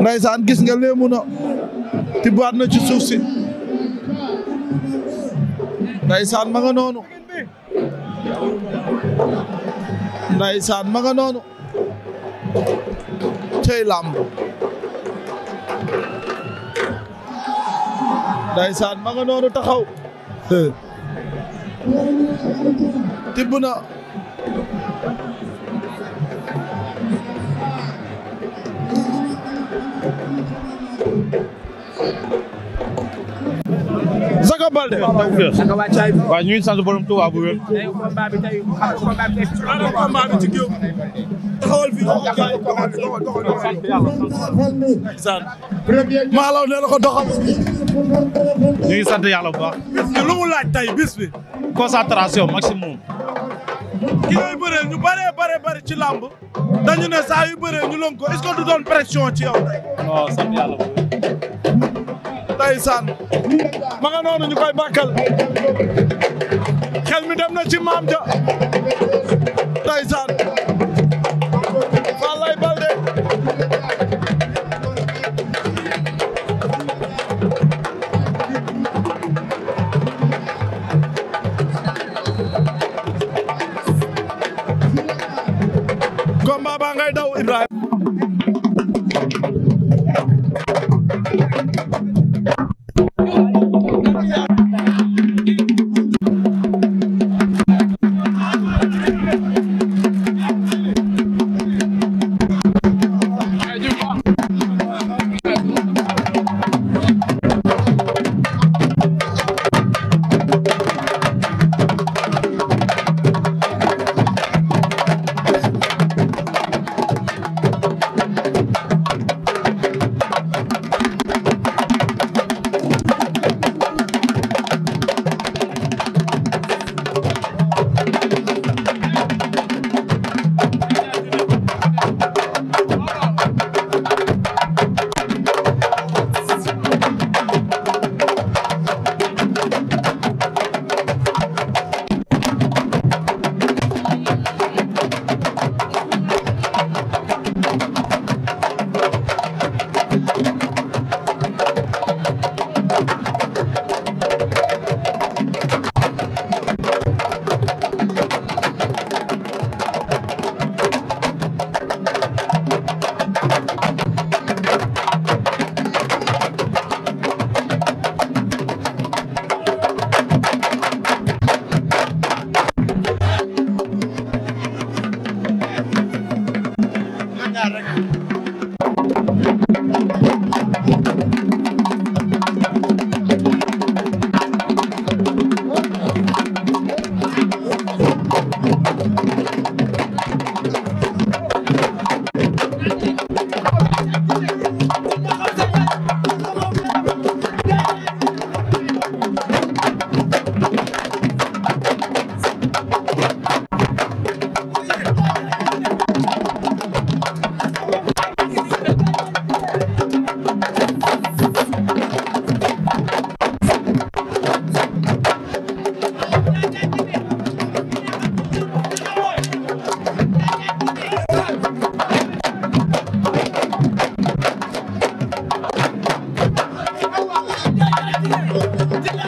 ndaysaan gis nga léemu na tibbaat na ci suuf si ndaysaan ma nga noonu ndaysaan ma nga noonu cey làmb ndaysaan ma nga noonu taxaw tibb na Ama Baldé waaw ñu ngi sant borom Tuuba bu wér. combat bi tey combat bi ci géew taxawal fii maa law nee na ko doxal. ñu ngi sant yàlla bu baax. bis bi lu mu laaj tey bis bi. concentration maximum. ki ngay bëree ñu bëree bëree bëri ci làmb dañu ne saa yu bëree ñu lon ko est-ce que du doon pression ci yow. non sant yàlla bu wér. ndeysaan ma nga noonu ñu koy bàkkal xel mi dem na ci maam ja ndeysaan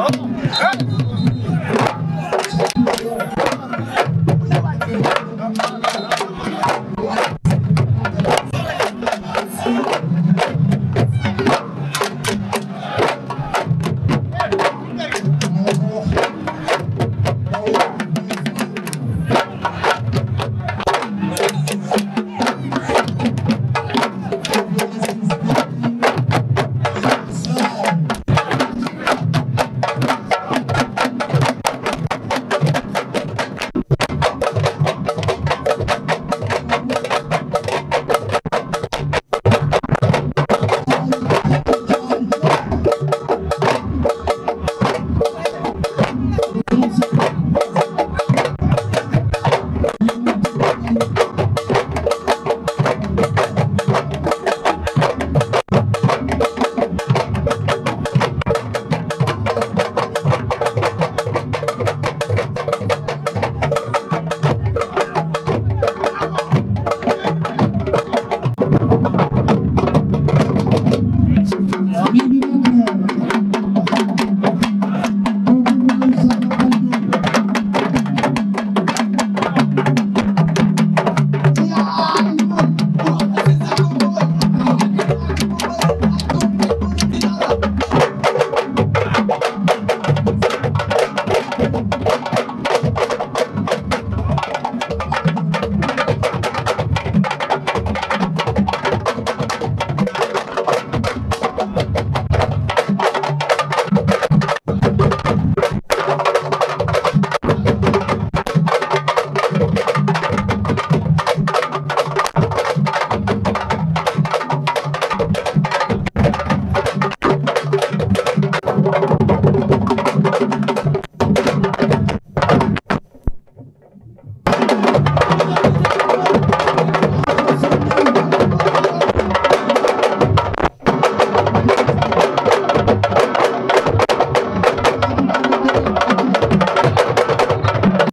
Oh, hey.